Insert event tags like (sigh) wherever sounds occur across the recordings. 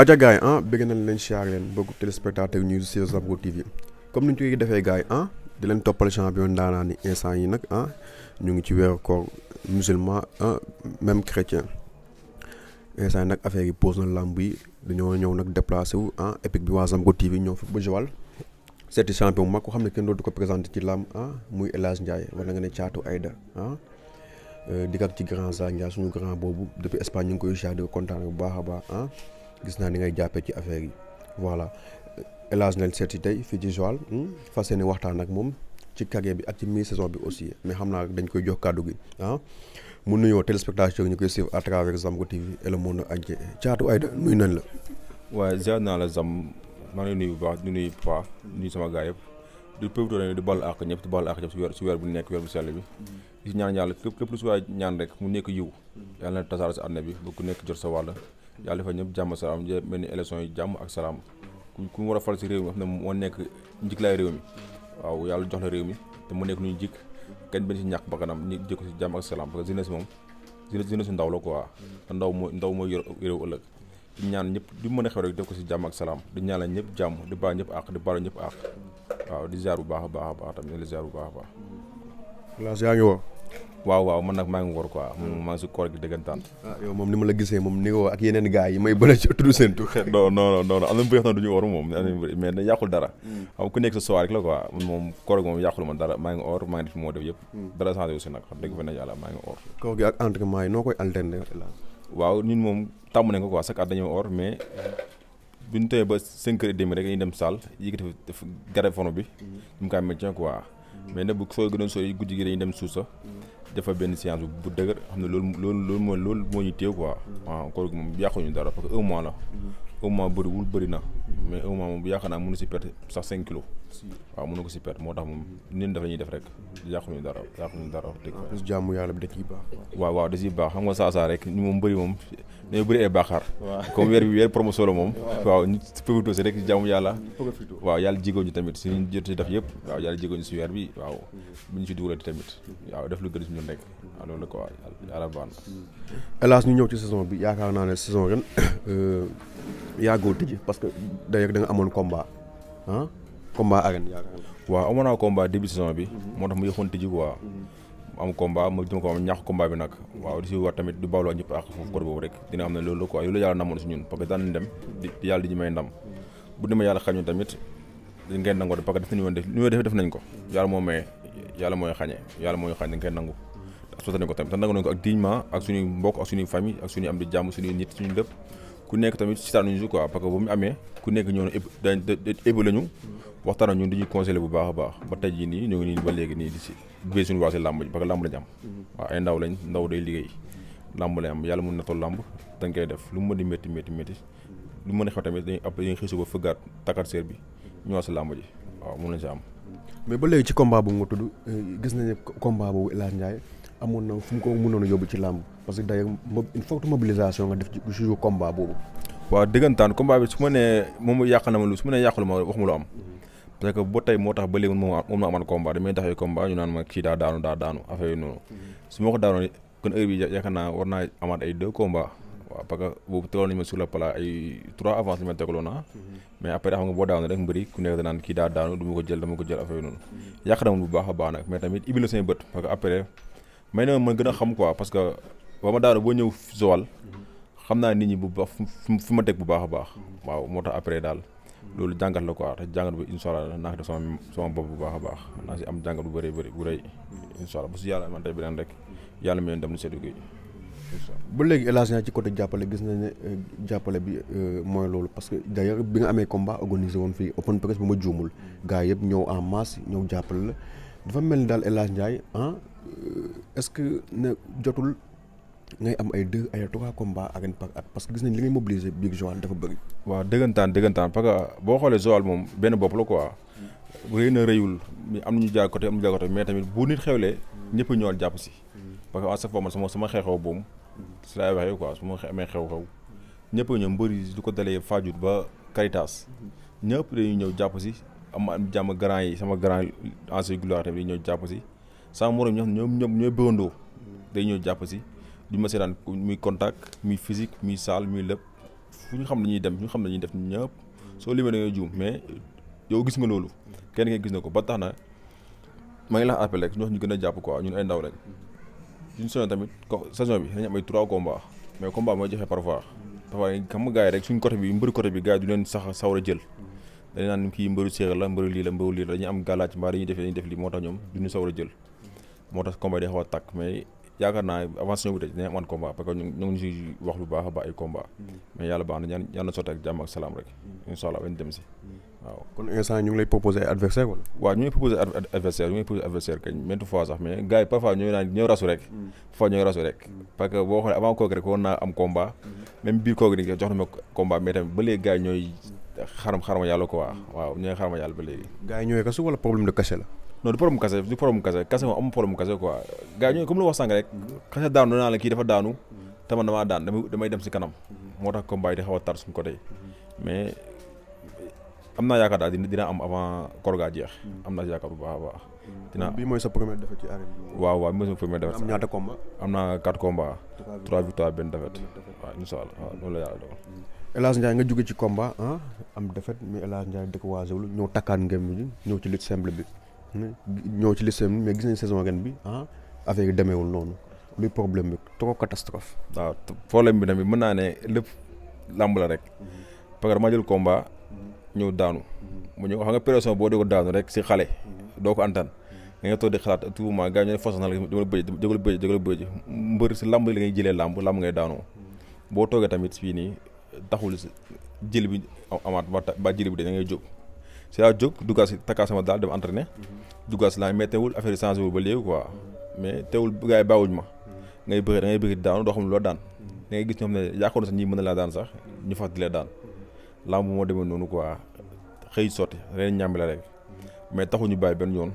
aja gars yi ah bëgg nañ leen siyaar leen bokk téléspectateur news sur Zambro TV comme ni ñu koy defee gars yi ah, di leen toppal champion daanaa ni instant yi nag ah ñu ngi ci weeru koor musulman ah même chrétien instant yi nag affaire yi pose na lamb yi dañoo ñëw nag déplacé wu ah épique bi waa Zambro TV ñëw fa ba Joal seeti champion bu mag ko xam ne kenn doo du ko présenté ci lamb ah muy El Hadj Ndiaye wala nga ne Thiatou Aïda ah euh, dikkat ci grand Zaa suñu grand boobu depuis Espagne ñu ngi koy bu baax a baax ah. gis naa ni ngay jàppee ci affaire yi voilà El na nañ seeti tey fii ci Joal hmm? fas yéene waxtaan ak moom ci carrière bi ak ci mi saison bi aussi mais xam naa dañ koy jox kàddu gi ah? mu nuyoo téléspectateurs yi ñu koy suivre à travers Zambro TV et le monde entier Thiatou Aïda nuyu nañ la. waaye ziar naa la Zam maa ngi baax di nuyu Paa nuyu sama gars yëpp di pël di ball àq ñëpp di ball àq ñëpp si weer bu nekk weer bu sell bi. di ñaan yàlla képp képp lu si ñaan rek mu nekk yiw. yàlla na tasaare si àdduna bi ba ku nekk jot sa wàll. yàlla defal ñëpp jàmm salaam ñu mel ni élection yi jàmm ak salaam ku ku war a fal si réew mi nga xam ne moo nekk njëkkalaayu réew mi waaw yàlla jox la réew mi te mu nekk lu ñu jik kenn benn si ñàkk bakkanam ñu jikko si jàmm ak salaam parce que jeunesse moom jeunesse su ndaw la quoi te ndaw moo ndaw mooy yor réew ëllëg di ñaan ñëpp di mën a xew rek def ko si jàmm ak salaam di ñaan la ñëpp jàmm di baal ñëpp àq di baalu ñëpp àq waaw di ziar bu baax a baax a baax tamit di ziar bu baax a baax. yaa ngi waaw waaw man nag maa ngi wor quoi maa ngi si koor gi dëggantaan ah, yow moom ni ma la gisee moom ni ko ak yeneen gars yi may bële ci tudd seen tur non non non am na bu yox na du ñu wor moom mais da yàqul dara hmm. xam ku nekk sa soir rek la quoi man moom koor gi moom yàqul ma dara maa ngi or maa ngi def moo def yëpp hmm. dara changé aussi nag xam dëgg fa na yàlla maa ngi or koor gi ak entraînement yi noo koy alterner waaw ñun moom tàmm nañ ko quoi chaque at dañoo or mais bu ñu tawee ba cinq heures et demi rek dañuy dem salle yëkkati garab fonu bi ñu hmm. mu koy médecin quoi mais nag bu soo gënoon sori guddi gi dañuy dem suuf sa dafa benn séance bu dëgër xam ne loolu loolu loolu moo loolu moo ñu téye quoi. Mm-hmm. waaw koor gi moom yàquñu dara parce que un mois la. Mm-hmm. un mois bëriwul bëri na. mais un mois moom yaakaar naa mënu si perte sax 5 kilos. waaw mënu ko si perte moo tax moom ni ñu def la ñuy def rek. yàquñu dara yàquñu dara wax dëgg. xam nga saa saa rek ñu moom bëri moom dañoo bëri ay baaxaar. comme weer bi weer promotion la moom. waaw ñu profité si rek si jàmm yàlla. waaw ñi tamit si ñu jot def yëpp. waaw si weer bi waaw. bu ñu si dugalati tamit. waaw def lu gën si ñun rek. waaw loolu la quoi yàlla baax na. ñu ñëw ci saison bi yaakaar naa ne saison ren (coughs) euh, yàggoo tëj parce que day ak da nga komba combat ah combat arène yaakaar naa. waaw amoon naa combat début saison bi. moo tax mu yëxoon wa, quoi. am combat ma jëm ko am ñaax combat bi di si war tamit di bawloo ñëpp ak foofu côté boobu rek dina xam ne loolu la quoi loolu yàlla namoon si ñun parce que daan dem di yàlla di ñu may ndam. bu demee yàlla xam tamit ngeen nangoo de parce que def nañu woon def ñu def def nañ ko. yàlla moo may yàlla mooy xañe yàlla mooy xañe ngeen nangu. te ko tam tan nangu nañ ko ak diñma ak suñu mbokk ak suñu famille ak suñu am di jamm suñu nit suñu lepp ku nekk tamit sitaanuñu si quoi parce que bu mu amee ku nekk ñoo ébu lañu waxtaan ñun dañuy conseillé bu baax a baax ba tey jii nii ñu ngi nii ba léegi nii di si bee suñu waa si làmb ji mm-hmm. ndaw lañ liggéey làmb lañ am yàlla mun na toll làmb dañ koy def lu mu mën di métti métti métti lu mën a xew tamit dañuy après dañuy xiisu ba fëggaat takkaat seer bi ñëwaat si làmb ji waaw mun nañ si am mais ba léegi ci combat bu nga tudd gis nañu combat boobu El Hadj amoon na fu mu ko mënoon a yóbbu ci làmb parce que day une forte mobilisation nga def ci toujours combat boobu. waaw dëggantaan combat bi su ma nee moom na ma lu su ma nee yàqul ma wax ma lu am. parce ba tey moo tax ba léegi moom na amal combat damay taxaw combat ñu naan ma kii daa daanu daa daanu affaire bu baax a baax nag mais tamit ibil bët parce que après may na ma gën a xam quoi parce que ba daara boo ñëw zoal xam naa nit ñi bu baax fu ma teg bu baax a baax waaw moo tax après daal loolu jàngat la quoi te jàngat bi incha allah naa def sama sama bopp bu baax a baax naa si am jàngat bu bëri bëri bu rëy incha allah bu si yàlla amante beneen rek yàlla mi dem ni seetu gi ba léegi élage ci côté jàppale gis nañ ne euh, jàppale bi euh, mooy loolu parce que d'ailleurs bi nga amee combat organisé woon fii open press bu ma juumul gars yëpp ñëw en masse ñëw jàppale la dafa mel ni daal El Hadj Ndiaye ah euh, ce que ne jotul ngay am ay deux ay trois combats arène par at parce que gis nañ li ngay mobiliser biir Joal dafa bëri. waaw dëggantaan dëggantaan parce que boo xoolee Joal moom benn bopp la quoi. Hmm. rëy na rëyul am na ñu jaar côté am ñu jaar mais tamit bu nit xewlee. Hmm. ñëpp ñëwal jàpp si. Hmm. parce que à chaque fois man sama sama xew-xew boobu. si laay waxee quoi su ma amee xew-xew. ñëpp ñëw mbëri du ko dalee Fadiouth ba Caritas. ñëpp dañuy ñëw jàpp si am ama jàmm grand yi sama grand ancien gloire tamit dañu jàpp si sama morom ñoo ñoom ñoom ñooy bëggandoo day ñëw jàpp si du ma seetaan muy contact muy physique muy salle muy lépp fu ñu xam dañuy dem ñu xam dañuy def ñëpp soo limee da ngay juum mais yow gis nga loolu kenn ngeen gis na ko ba tax na maa ngi la appelé rek ñu gën a jàpp quoi ñun ay ndaw lañ suñu saison tamit saison bi dañu am ay trois combats mais combat mooy joxe parfois parfois xam nga gars yi rek suñ côté bi mbëri côté bi gars yi du leen sax sawar a jël dañu naan kii mbëru séeréer la mbëru lii la mbëru lii la dañuy am gàllaaj mbaa dañuy def dañuy a jël moo tax combat yi day a tàkk mais dem si waaw ñu ngi proposer adversaire ñu ngi proposer adversaire kañ maintes fois sax mais gars parfois ñooy naan ñooy rasu rek parfois boo xoolee avant kooku rek war naa am combat mm-hmm. même biir kooku ni jox na ma combat mais tamit ba léegi ñooy xaram xarama yàlla ko waa waaw ñu ngi yàlla ba léegi. gars yi ñëwee kaso wala problème la. non du problème mu kase du problème mu kase kase moom amul problème mu naa la kii dafa daanu te man damaa daan damay dem si kanam moo tax combat yi di xaw a tar suñu côté mais am naa yaakaar daal dina am avant koor gaa jeex. am naa yaakaar bu baax a baax. dina bii mooy sa première ci arène bi. waaw waaw bii mooy sa première défaite. am ñaata combat. am naa quatre loolu la yàlla dogal. Elas ndjay nga jóge ci combat ah am défaite mais Elas ndjay dëkk waasewul ñoo takkan ngeen bi ñoo ci lutte simple bi ñoo ci lutte simple mais gis nañ saison ngeen bi ah affaire yi demeewul noonu luy problème bi trop catastrophe. da problème bi tamit mëna né lepp lamb la rek parce que dama jël combat ñëw daanu mu ñëw xam nga pression bo dégo daanu rek si xalé do ko antan nga to di xalaat tout moment gars ñu ne façon na la dama bëj dama bëj dama bëj mbër si lamb li ngay jëlee lamb lamb ngay daanoo boo toogee tamit fii taxul jëli bi amaat ba ba jëli bi dañ ngay jóg si laa jóg duggaat si sama daal dem entraîné mm-hmm. duggaat si laa mais teewul affaire yi changé ba léegi quoi mm-hmm. mais teewul gars yi bàyyiwuñ ma mm-hmm. ngay bëri da ngay bëri daanu doo xam ne loo daan da ngay gis ñoom ne yaakaaroon mën na laa daan sax ñu fas di la daan lamb moo demee noonu quoi xëy sotti ren ñàmbi la rek mais ñu bàyyi benn yoon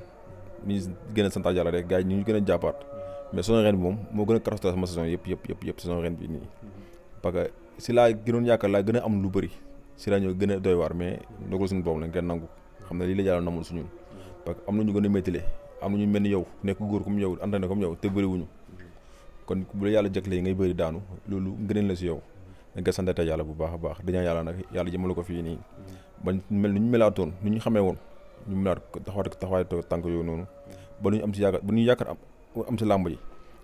ñu gën a santaat yàlla rek gars yi ñu gën a jàppaat mais saison bi moom moo gën a catastrophe sama saison yëpp yëpp yëpp yëpp saison bi nii si laa gënoon yaakaar laa gën a am lu bari si laa ñëw gën a doy waar mais ndogal suñu bopp lañ koy nangu xam ne lii la yàlla namul suñu parce que am na ñu gën a méttile am mel ni yow nekk góor comme yow entraîné comme yow te bëriwuñu kon bu yàlla jëkkalee ngay bëri daanu loolu gëneen la si yow dañ koy santata yàlla bu baax baax dañaa yàlla nag yàlla jëmale ko fii nii ba mel ni ñu melaatoon nu ñu xamee woon ñu melaat taxawaat taxawaatoo tànk yooyu noonu ba lu ñu am si yaakaar bu ñu yaakaar am si làmb yi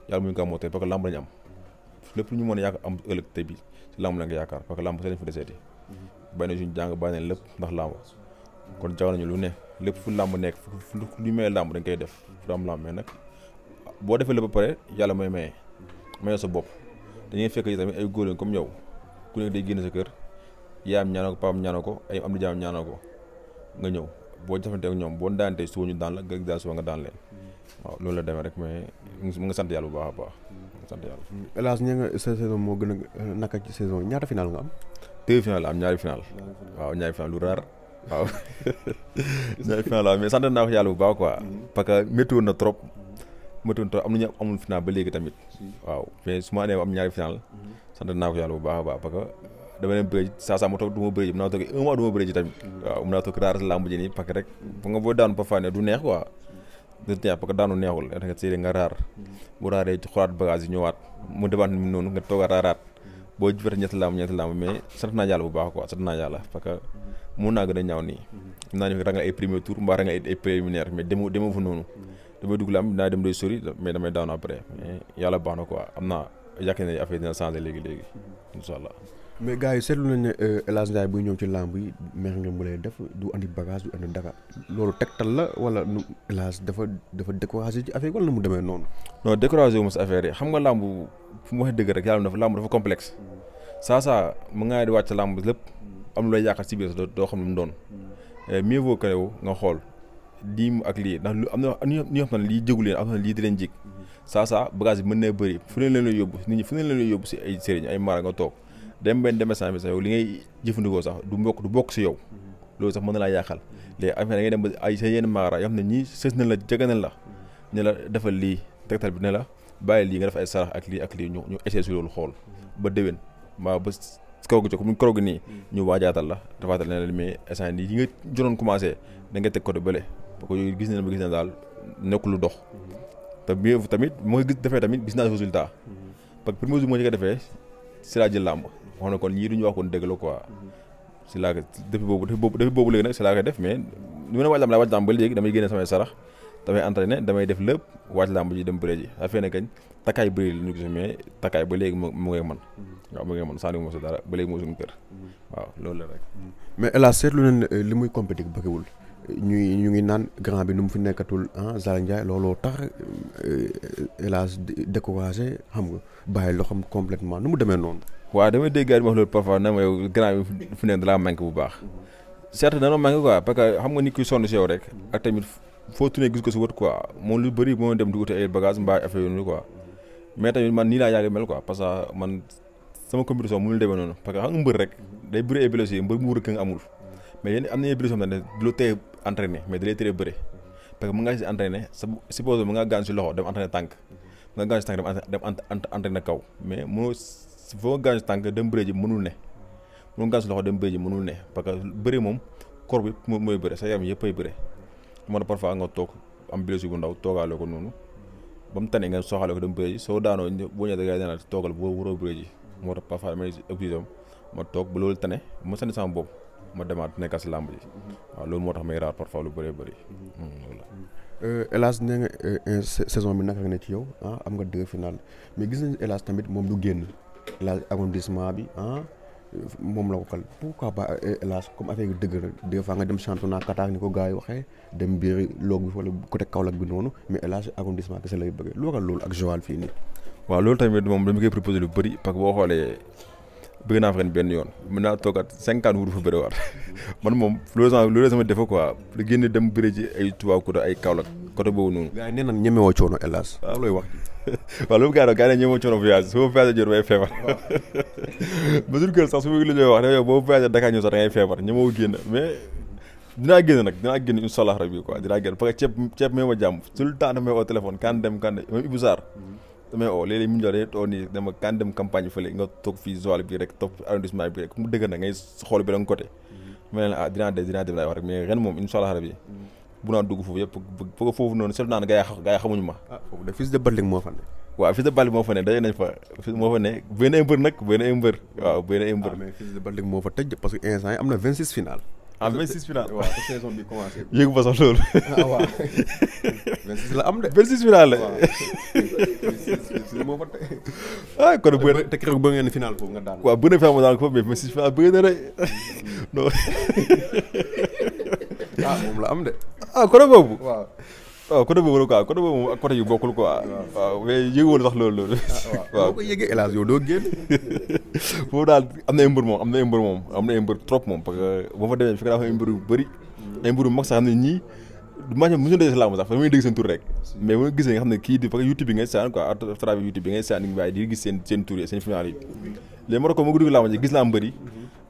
yàlla mu ñu ko amoo tey parce làmb lañu am lépp lu ñu mën a yaakaar am ëllëg tey bi si lamb la nga yaakaar parce que lamb see lañ fa deseeti bàyyi na suñu jàng bàyyi nañ lépp ndax lamb kon jaw nañu lu ne lépp fu lamb nekk fu lu may lamb dañ koy def fu am lamb mais nag boo defee lépp ba pare yàlla may maye maye sa bopp dañuy fekk yi tamit ay góor lañ comme yow ku nekk day génn sa kër yaayam ñaanoo ko papaam ñaanoo ko ay am di jaam ñaanoo ko nga ñëw boo jafante ak ñoom boo daantee suba ñu daan la nga daal suba nga daan leen waaw loolu la demee rek mais mu nga sant yàlla bu baax a baax. sant yàlla. hélas ñu nga sa saison moo gën a naka ci saison ñaata final nga am. final la am ñaari final. waaw ñaari final lu waaw ñaari final la mais sant naa ko yàlla bu baax quoi. parce que métti woon na trop. métti woon trop am amul final ba léegi tamit. waaw mais su ma am ñaari final. sant naa ko yàlla bu baax a baax parce que. dama leen bëri saa saa ma toog du ma bëri ji naa toog un mois du ma bëri tamit. waaw naa toog lamb ji nii parce que rek. nga boo daanu ne du neex quoi. dina neex parce que daanu neexul nga seede nga raar bu raaree ci xoolaat bagage yi ñëwaat mu defaat mi noonu nga toog a raaraat boo jifete ñetti làmb ñetti làmb mais sant naa yàlla bu baax quoi sant naa yàlla parce que mun naa gën a ñaaw nii naa ñu rangal ay premier tour mbaa rangal ay préliminaire mais demu demu fu noonu damay dugg làmb dinaa dem doy sori mais damay daanu après mais yàlla baax na quoi am naa yàq ne affaire dina changé léegi-léegi incha allah mais gars yi seetlu nañ ne euh, El Hadj Ndiaye buy ñëw ci làmb yi meex nga lay def du andi bagage du andi dara loolu tegtal la wala nu El Hadj dafa dafa découragé ci affaire wala nu mu demee noonu. non découragé wu ma affaire yi xam nga làmb fu mu dëgg rek yàlla dafa làmb dafa complexe saa mm. saa mu ngaa di wàcc làmb lépp mm. am lu lay yaakaar si biir doo xam ne mu doon mm. euh, mieux vaut nga xool diim ak lii ndax lu am na ñoo xam ne lii jégu leen am na lii di leen jig saa saa bagage bi mën na bëri fu ne leen lay yóbbu nit ñi fu ne leen yóbbu si ay sëriñ ay mara nga toog dem benn demee san bi sax yow li ngay jëfandikoo sax du mbokk du bokk si yow loolu sax mën na laa yàqal léegi affaire da ngay dem ay sa yenn maara yoo xam ne ñii sës na la jege na la ne la defal lii tegtal bi ne la bàyyi lii nga def ay sarax ak lii ak lii ñu ñu essayé si loolu xool ba déwén mbaa ba kaw gi mu kaw nii ñu waajaatal la dafaatal ne la mais instant yi nga jonoon commencé da nga teg côté bële parce que yooyu gis nañ ba gis na daal nekk lu dox te bi tamit mu nga defee tamit gis naa résultat mm-hmm. parce moo ci ko defee si laa jël wax na kon ñii du ñu wax la quoi si laa ko depuis boobu depuis boobu léegi nag si laa def mais li ma ne waaj lamb laa waaj lamb ba léegi damay génne samay sarax damay entraîné damay def lépp waaj lamb ji dem bëre ji afee na kañ takkaay bëri la ñu gis mais takkaay ba léegi mu mu ngay mën waaw mu ngay mën sànni mo sa dara ba léegi moo suñu kër waaw loolu la rek mais hélas seetlu nañ li muy compétit bëggiwul ñuy ñu ngi naan grand bi nu mu fi nekkatul ah Zala Ndiaye looloo tax hélas découragé xam nga bàyyi loo xam complètement nu mu demee noonu waaw damay dégg gars yi wax loolu parfois ma yow grand bi fu ne dalaa xam nga nit ki sonn si yow rek ak tamit foo tunee gis ko si wët quoi moom lu bëri moo dem di uti ay bagage mbaa affaire yooyu quoi mais tamit man nii laa yàgg mel quoi parce que man sama compétition mënul demee noonu parce que xam nga mbër rek day bëri ay blessé mbër mu wër a nga amul mais yéen am na ay blessé xam ne du la teye entraîné mais da tere bëri parce que mën ngaa si entraîné sa supposé mën ngaa gaañ si loxo dem foo gaañu tànk dem bëre ji mënul ne mu gaañu loxo dem bëre ji mënul ne parce que bëre moom corps bi mooy bëre sa yaram yëpp ay bëre moo tax parfois nga toog am blessure bu ndaw toogaale ko noonu ba mu tane ko dem bëre soo daanoo boo ñëwee da ngay moo tax parfois damay obligé ma toog ba loolu tane ma sànni sama bopp ma demaat nekk si làmb ji waaw loolu moo tax may raar parfois lu bëree bëri voilà. Hmm, Elaj euh, euh, euh, saison bi naka nga ne ci yow ah am nga deux finales mais gis nañu Elaj tamit moom du génn. élage arrondissement bi ah moom la ko kal pourquoi pas eh, élage comme affaire yi dëgg la nga dem championnat Qatar ni ko gars yi dem biir loog bi wala côté Kaolack bi noonu mais élage arrondissement kese lay bëggee lu waral loolu ak Joal fii nii. waaw loolu tamit moom dama koy proposé lu bëri parce que boo xoolee. bëgg naa fa ren benn yoon mën naa toogaat cinquante jours fa bëriwaat (laughs) man moom loolu sama loolu sama defa quoi lu génn dem bëri ci ay Toubacouta ay Kaolack côté boobu noonu. gars yi nee nañ ñemewoo coono hélas. waaw looy wax (laughs) waaw loolu gars yi gars yi ñemewoo coono voyage su ma voyage jot (laughs) sax su ma ñuy wax yow boo voyage Dakar ñëw sax da ngay feebar ñemewoo génn mais dinaa génn nag dinaa génn incha allah rabbi quoi dinaa génn parce que ceeb ceeb may ma jàmm tout le temps damay au téléphone kan dem kan dem même Ibou damay oo oh, léeg mu njore too nii dama kan dem campagne fële nga toog fii Joal bi rek topp arrondissement bi rek mu dëgg na ngay xool bi da nga côté mm-hmm. ma ne ah dinaa def dinaa def laay wax rek mais ren moom insha allah rabbi mm-hmm. bu naa dugg foofu yëpp foofu foofu noonu seetlu naa ne gaa yi ma ah, foofu de fils moo fa ne waaw fils de Balla moo fa ne daje nañ fa moo fa ne benn mbër nag benn mbër waaw benn mbër ah, mais de Balla moo fa tëj parce ah 26 final waaw saison bi commencé. yëgu ba sax loolu. ah waaw (laughs) 26 la am de. 26 final la. waaw 26 moo fa tey. ah kon bu ngeen te keroog ba ngeen final foofu nga daan. waaw bu ne final mm-hmm. (laughs) ah, moom la am de. ah kon boobu waaw côté boobu la quoi côté boobu moom ak côté yu bokkul quoi. waaw mais yëgewul sax loolu loolu. Ah, waaw boo ko yëgee hélas yow doo génn. (laughs) foofu daal am na ay mbër moom am na ay mbër moom am na ay mbër trop moom parce que boo fa demee fi nga dafa ay mbër yu bëri. ay mbër yu mag sax xam ne ñii maa ngi leen di sax fa muy dégg seen tur rek. mais bu ma gisee nga xam ne kii di parce que YouTube bi ngay saan quoi à travers YouTube bi ngay saan waaye di gis seen seen tur yi seen final yi. léegi moo tax ko ma ko dugg làmb ji gis naa mbëri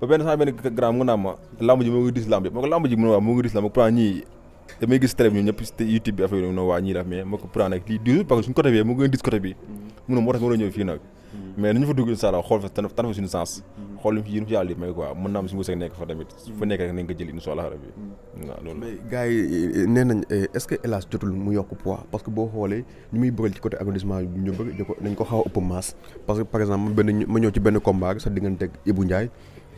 ba benn sax benn grand mu naan ma làmb ji moo ngi dis làmb ji ma ko làmb ji mu ne waaw moo ngi dis làmb pourtant ñii damay gis télé bi ñun ñëpp YouTube bi affaire yi noonu waa ñii def mais ma ko prendre ak lii toujours parce que suñu côté bi mu gën gis côté bi mm-hmm. mu ne moo tax ma war a ñëw fii nag mm-hmm. mais nañu fa dugg incha allah xool fa tan fa suñu sens mm-hmm. xool lu fi yéen fi yàlla di may quoi mën naa am suñu wërsëg nekk fa tamit fa nekk rek nañ ko jël incha allah rabbi waaw loolu mais gars yi eh, nee nañ eh, est ce que El Hadj jotul mu yokk poids parce que boo xoolee ñu muy bëggal ci côté arrondissement bi ñu bëgg dañ ko xaw a ëpp masse parce que par exemple benn ma ñëw ci benn combat sa diggante ak Ibou Ndiaye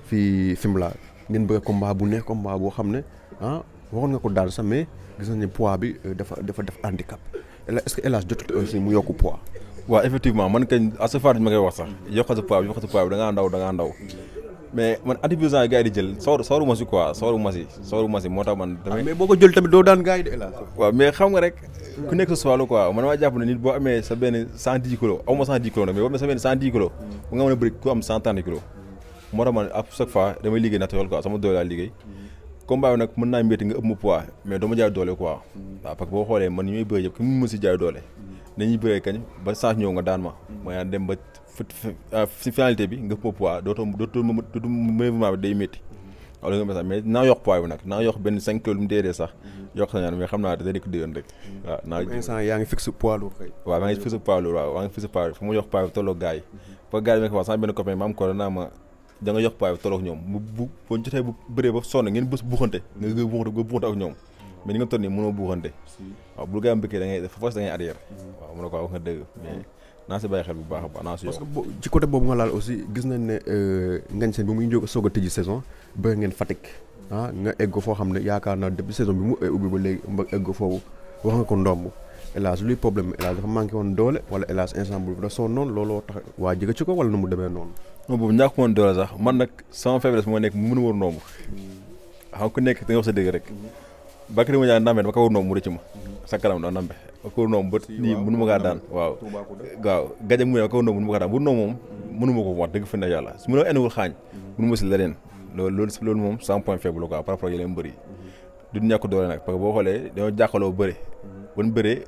fii Fimela ngeen bëgg combat bu neex combat boo xam ne ah waxoon nga ko daal sax mais gis nañ ne poids bi euh, dafa def handicap est-ce que El Hadj jotul mu yokk poids. waaw effectivement man kañ à wax sax yokkal sa poids bi yokkal sa da ngaa ndaw da ngaa ndaw mais man adipose yi gars yi di jël sawar sawaru ma ah, damay a liggéey naturel quoi sama doole laa liggéey combat bi nag mën naa métti nga ëpp ma poids mais dama jaay doole quoi. waaw parce que boo xoolee man ñi may bëre yëpp ki mu mën si jaay doole. nañuy bëree kañ ba nga daan ma. mooy dem ba ah, si finalité bi nga ëpp ma poids dootoo dootoo dootoo mouvement bi day métti. wala naa yokk benn 5 kilos lu mu dee dee naa da nekk déyoon ngi fixe poids lourd kay waaw maa tolloo gars yi parce que yi ma ko wax sama benn copain ma am ko ma da nga yokk paay tolloog ñoom mu bu boo jotee bu bëree ba sonn ngeen bës buuxante nga nga buuxante ak ñoom mm. mais ni nga toll nii mënoo buuxante waaw bu gaa mbëkkee da ngay fas mm. bu baax a baax naa si parce que laal aussi gis nañ ne euh, ngañ seen muy jóg soog a tëji saison bëri Fatick ah nga egg foo xam ne yaakaar naa depuis saison bi mu e-, ubbi ba léegi mba foofu wax nga ko ndomb hélas luy problème hélas woon doole wala hélas ensemble bi da looloo tax waa jëga ci ko wala nu mu demee noonu moom boobu ñàkk moon doole sax man nag moo nekk mënu war noomu xam ku nekk da nga wax sa dëgg rek Bakary Moussa Ndambe dama ko war sa kanam doon Ndambe ma ko war noom ba ko wax dëgg fa ne yàlla su mënoo enwul xaañ mënu ma si leneen loolu loolu moom sans point faible quoi par rapport ak yeneen mbër yi du ñàkk doole nag parce que boo xoolee dañoo jàkkaloo bëri bu ñu bëree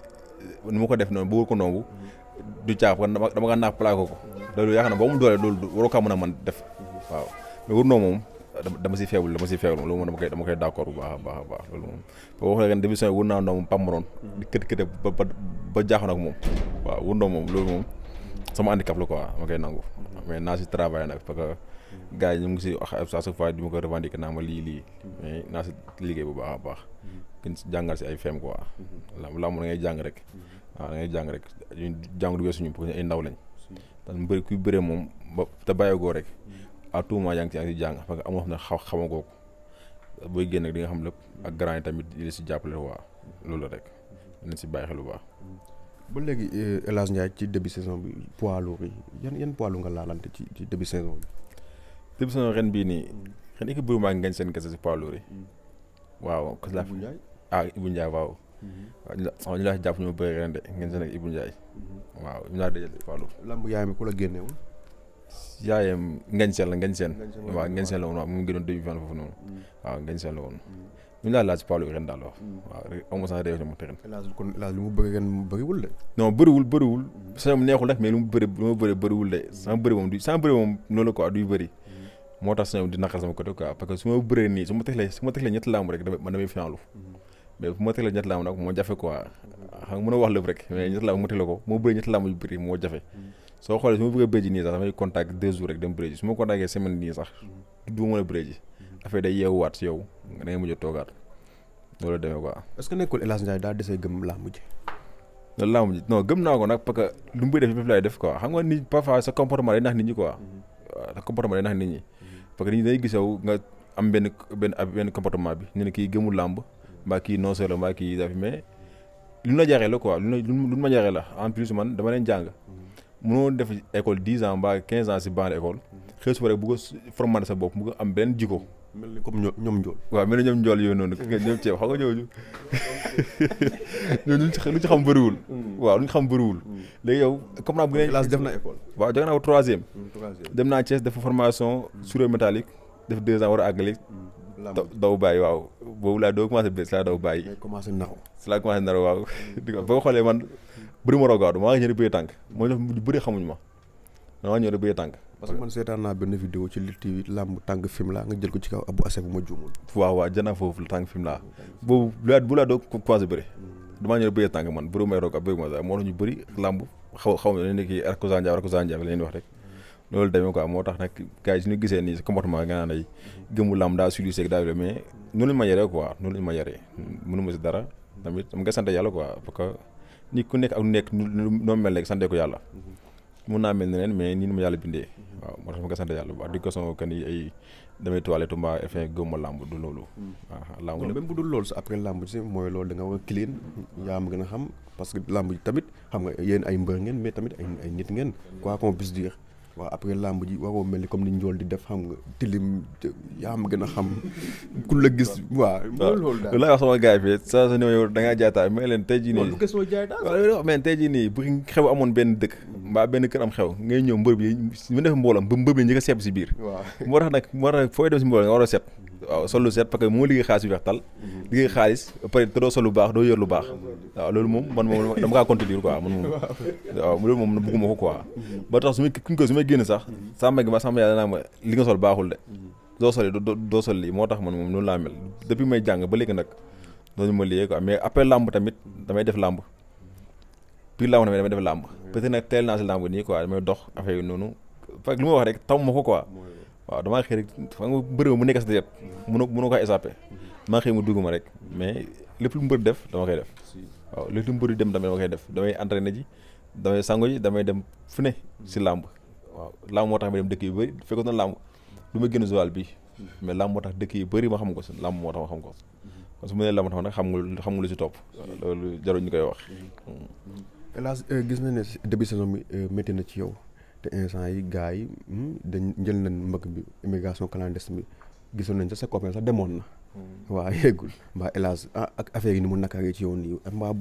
nu ma ko def noonu bëggul ko noomu du caax dama dama kaa naax plaqué ko loolu yaaka na bo mu doole loolu waroo ka mën a man def waaw mais wurno mom dama si feebul dama si feebul loolu moom dama koy dama koy d'accord bu baaxa baaxa baax a baax bo wax la waxee ren démission wur naa ndoom pammaroon di kete kete ba ba ba jaaxoon mom waaw wurno mom loolu moom sama handicap la quoi dama koy nangu mais na ci travailler nak parce que gaay ñu ngi ci wax à chaque fois di ma ko revendiquer na ma li li mais na ci liggéey bu baaxa baax gën ci jangal ci ay fem quoi lam lam da ngay jang rek ah ngay jang rek ñu jang du weesuñu ñu pour ay ndaw lañ tan mbëri kuy bëree moom ba te bàyyigoo rek à tout moment yan ngi ci yaa ngi ci jàng parce que xam ne xamagoo ko booy génn di nga xam lépp ak grand yi tamit di la si jàppale waa loolu rek nañ si bàyyi xel baax ba léegi eh, El Hadj ci début saison bi poids lourd yi yan yan nga laalante ci ci début saison bi. bii nii. xëy na équipe bu maa seen kese si poids lourd yi. Mm. waaw. Ibou Ndiaye ah waaw. waaw ñu laa jàpp ñu ma bëri ren de ngeen seen mm-hmm. lamb yaayam ku la génnewul yaayam ngañ seen la ngañ seen waaw ngañ seen la woon waaw mu ngi doon début fan foofu noonu mm-hmm. waaw ngañ seen la woon mm-hmm. ñu waaw kon laaj lu mu bëri ren bëri lu de sama bëri moom du sama bëri moom noonu la quoi duy bëri moo tax sama di naqar sama côté quoi parce que su ma bëree nii su ma teg su ma teg ñetti lamb rek man damay finaalu mais bu matee la ñetti làmb nag moo jafe quoi xam nga mën a wax lépp rek mais ñetti làmb matee la ko moo bëri ñetti làmb yu bëri moo jafe soo xoolee su ma bëgg a bëri a bëri ji affaire day que nekkul El Hadj Ndiaye daa naa ko nag parce que lu mu bëri def laay def quoi xam nga nit parfois sa comportement day nax nit ñi quoi sa que day gis yow am benn benn benn comportement bi ñu ne kii gëmul làmb mbaa non seulement qui kii suis mais lu la quoi lu lu ma la en plus man dama def école ans ba ans ci ban école bu ko sa bop ko am comme ñom wa melni ñom non je suis ñu mm. lu xam wa xam mm. yow comme bu def na école mm, troisième dem na Thiès def formation soudure métallique def deux ans war daw bàyyi waaw boobu laa doo commencé bëri si laa daw bàyyi. commencé naraw si laa commencé naraw waaw. (laughs) di ko xoolee man bëri ma rogaadu maa ngi ñëw di bëri tànk moo def lu bëri xamuñ ma maa ngi ñëw di bëri tànk. parce que man seetaan naa benn vidéo ci Lutte TV làmb tànk film nga jël ko ci kaw ma juumul. waaw waaw janaa tànk film laa boobu laa bu laa doo commencé bëri. Hmm. man bëri may rogaadu bëri ma sax bëri làmb xaw xaw ma ne kii Rakosa Ndiaye Rakosa Ndiaye la wax rek loolu demee quoi moo tax nag gars yi suñu gisee nii comportement nga naan ay gëmu lam daa sudi seeg daal mais noonu lañ ma yaree quoi noonu lañ ma yaree mënuma si tamit am nga sant yàlla quoi parce que nit ku nekk nekk noo mel rek ko yàlla mun naa mel ne leen mais nii nu ma yàlla bindee waaw moo tax ma nga sant yàlla bu baax di ko son kan yi ay damay toilette mbaa effet gëmma làmb du loolu hmm. làmb même bu dul loolu sa après làmb si mooy loolu da nga war a clean yaa ma gën a xam parce que làmb ji tamit xam nga yéen ay mbër ngeen mais tamit ay ay nit ngeen hmm. quoi qu'on wa après lamb ji waro mel comme ni ndol di def xam nga tilim ya ma gëna xam ku la gis wa lol loolu daal laa wax sama gars bi saa sa ñëw da nga jaata mais leen tey jii nii du question jaay daal mais tay ji ni bu xew amoon ben dekk ba ben kër am xew ngay ñew mbeub bi ñu def mbolam bu mbeub yi ñi nga seeb ci biir waaw moo tax nak mo tax foy dem ci mbolam nga war waaw sol lu set parce moo liggéey xaalis bi weex mhm. liggéey xaalis pare te doo sol lu baax doo yor lu baax waaw loolu moom man moom dama kaa continuer quoi man moom (laughs) waaw loolu moom ma kuñ ko su may génn sax sàmm gi ma sàmm mhm. moo tax man moom noonu laa mel depuis may jàng ba léegi nag noonu ma liggéey quoi mais après làmb tamit damay def làmb puis làmb tamit damay def làmb peut-être nag teel naa si làmb nii quoi damay dox affaire yi noonu parce que li wax rek taw ma ko quoi waaw damaa xëy rek xam nga mbër mu nekk si yëpp mm-hmm. mënoo mënoo ko échappé mm-hmm. maa xëy mu dugg ma rek mais lépp lu mu mbër def dama koy def waaw lépp lu mbër di dem dama koy def damay entraîné ji damay sango ji damay dem fu ne si làmb waaw làmb moo tax ma dem dëkk yi bëri fekkoon na làmb du ma gën Joal bi mm-hmm. mais làmb moo dëkk yu bëri ma xam ko si làmb moo tax ma xam ko kon su ma nee làmb tax nag xam nga xam nga lu si topp loolu jaruñ ñu koy wax mm. hélas euh, gis na ne début saison bi euh, métti na ci yow te instant yi gars yi hmm, dañ jël nañ mbëkk bi immigration clandestine bi gisoon nañ sa sa copain sax demoon na. Hmm. waa yeggul ah, ni mu nakaaree ci yi ma hmm. (laughs)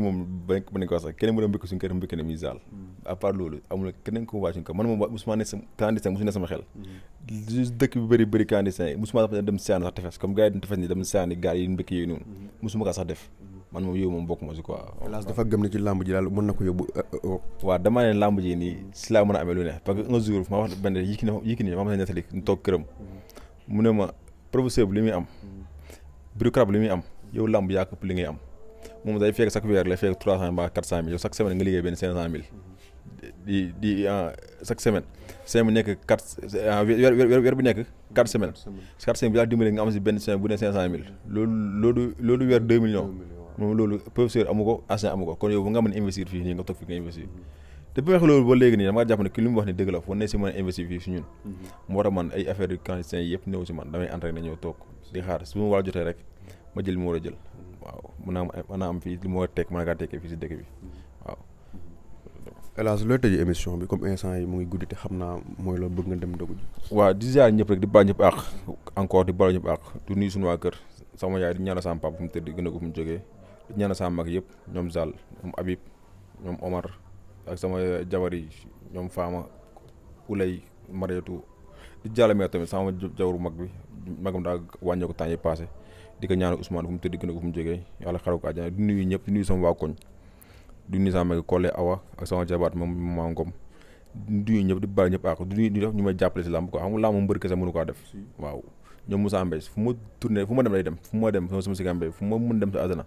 moom mu doon na muy zaal. à part loolu amul keneen ko waaj suñu kër man moom waa musuma ne sama clandestin musu ne sama xel. juste dëkk bi bëri bëri clandestin yi musuma dem saani sax tefes comme gars yooyu noonu. musuma ko sax def. man moom yooyu moom bokk ma si quoi. Lass dafa gëm ne ci làmb ji daal mën na ko yóbbu. Euh, euh, oh. waaw damaa ne làmb ji nii si laa mën a amee lu ne parce que un jour ma wax mm. mu ne am bureaucrate bi li muy am yow li ngay am moom day fekk chaque weer lay fekk trois cent mbaa quatre cent mille benn ah, semaine bu nekk quatre ah, weer weer weer bu nekk quatre semaines quatre semaines bi daal dimbali nga am si ne loolu loolu weer deux millions moom loolu professeur amu ko agent amu ko kon yow nga mën investir fii nii nga toog fi nga investir te bu wax loolu ba léegi nii dama jàpp ne ki li mu wax ni dëgg la foo ne si mën investir fii si ñun mhm. moo tax man ay affaire yu clandestin yëpp néew si man damay entraîné ñëw toog di xaar su ma war a jotee rek ma jël li ma war a jël waaw mën naa mën naa am fii li ma war a teg mën naa kaa tekkee fii si dëkk bi waaw hélas looy tëjee émission bi comme instant yi mu ngi guddi te xam naa bëgg nga dem dogu ji waaw di ziar ñëpp rek di baal ñëpp àq encore di baal ñëpp àq du nuyu suñu waa kër sama yaay di ñaanal sama papa fu mu tëdd gën ko fu mu jógee ñana saa mag yëpp ñoom Zal ñoom Habib ñoom ñoom Fama sama jabaru yi passé di ko ñaanal Ousmane fu mu tëdd gën a fu mu jógee yàlla xaru ko àjjana di nuyu ñëpp di nuyu sama waa koñ di nuyu sama mag Kole Awa ak sama jabaat moom maa ngom di nuyu ñëpp di baal ñëpp àq di ñu may jàppale si làmb ko mënu ko def waaw ñoom Moussa Mbaye fu ma tourné fu ma dem lay dem fu ma dem sama sama si Mbaye fu ma dem si àddina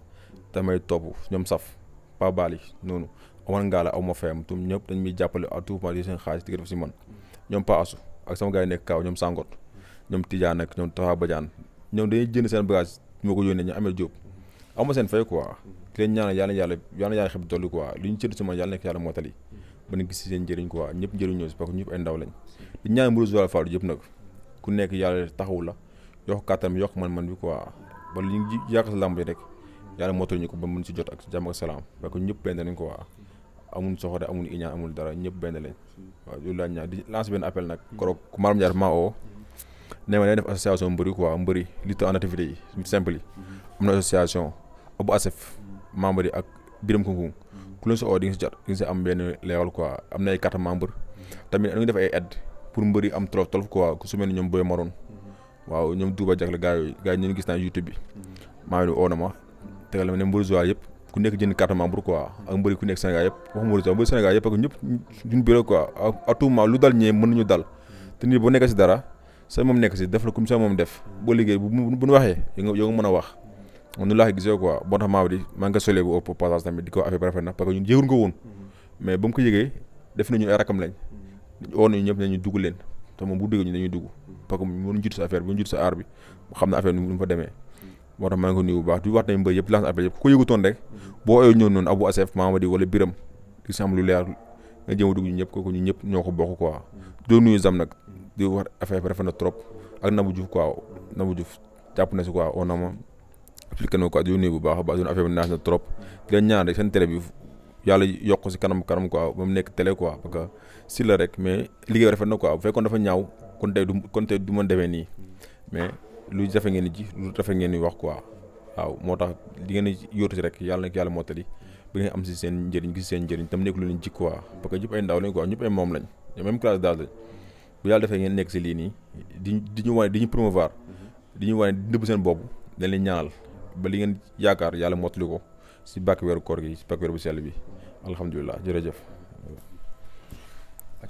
damay topp ñoom saf pa baali noonu amoon ngaa la aw ma fayam tum ñëpp dañ muy jàppale à tout moment seen xaalis di ko def si man ñoom pa asu ak sama gars yi nekk kaaw ñoom sàngot ñoom tijaan ak ñoom taxaa bajaan ñoom dañuy jënd seen bagage moo ko yónnee ñu amee jóob aw seen fay quoi ki leen ñaanal yàlla yàlla yàlla yàlla xeb dolli quoi li ñu cëdd si man yàlla nekk yàlla mootali ba ñu gis seen njëriñ quoi ñëpp njëriñ ñoo si parce que ñëpp ay ndaw lañ di ñaan mburu Joal Fadiouth yëpp ku nekk yàlla taxawu la yokk kàttan bi yokk man-man bi quoi ba li ñu yàq làmb yi rek yàlla motal ñu ko ba mën si jot ak jàmm ak salaam parce que ñëpp benn lañ ko waa amul soxore amul iñaan amul dara ñëpp benn lañ waaw loolu laa ñaan di benn appel nag koroog ku maram jaar def association mbëri quoi mbëri lutte en activité yi simple yi am na association abu asef membre yi ak biram kunkung ku leen si oo di nga si jot di si am benn leewal quoi am na ay carte membre tamit da nga def ay aide pour mbëri am trop trop quoi ku su mel ni ñoom Boy Maroon waaw ñoom Duuba Jagle gars yooyu gars yi ñu bi maa ngi tegal ma ne mbëru Joal yëpp ku nekk jënd carte membre quoi ak mbëri ku nekk Sénégal yëpp waxuma te nit boo nekk si dara sa moom nekk si def la comme sa moom def boo liggéey bu bu waxee yow nga mën a wax nu laa ko gisee quoi bon tax maa di maa ngi solee bu ëpp passage tamit di ko affaire bi rafet na parce que ñun yëgul ko woon mais ba mu ko yëgee def nañu ay rakam lañ oo nañu ñëpp nañu dugg leen te moom bu dugg ñu dañuy dugg parce que mënu jiitu sa affaire bi mënu jiitu sa aar bi xam na affaire nu mu fa demee moo tax maa ngi ko nuyu bu baax di wax nañ mbéy yëpp lance appel yëpp ku ko yëgutoon rek boo oyoo ñëw noonu Abou Assef am lu leer ñëpp kooku ñu ñëpp ñoo ko bokk quoi. doo nuyu zam nag di bi rafet na trop ak Nabou Diouf quoi Nabou Diouf jàpp na si quoi on a ma appliqué na bu baax a baax zone affaire bi naas na seen télé bi yàlla yokk si kanam kanam ba mu nekk télé quoi parce que si la rek mais liggéey rafet na quoi bu fekkoon dafa ñaaw kon tey du kon tey ma demee nii mais lu jafe ngeen ji lu jafe ngeen wax quoi waaw moo tax li ngeen yootu si rek yàlla nag yàlla moo tali bi ngeen am si seen njëriñ gis seen njëriñ tam nekk lu leen ji quoi parce que ñëpp ay ndaw lañ quoi ñëpp ay moom lañ même classe d'âge lañ bu yàlla defee ngeen nekk si lii nii di di ñu wane di ñu promouvoir di ñu wane di nëbb seen bopp dañ leen ñaanal ba li ngeen yaakaar yàlla mottali ko si bàkk weeru koor gi si bàkk weer bu sell bi alhamdulilah jërëjëf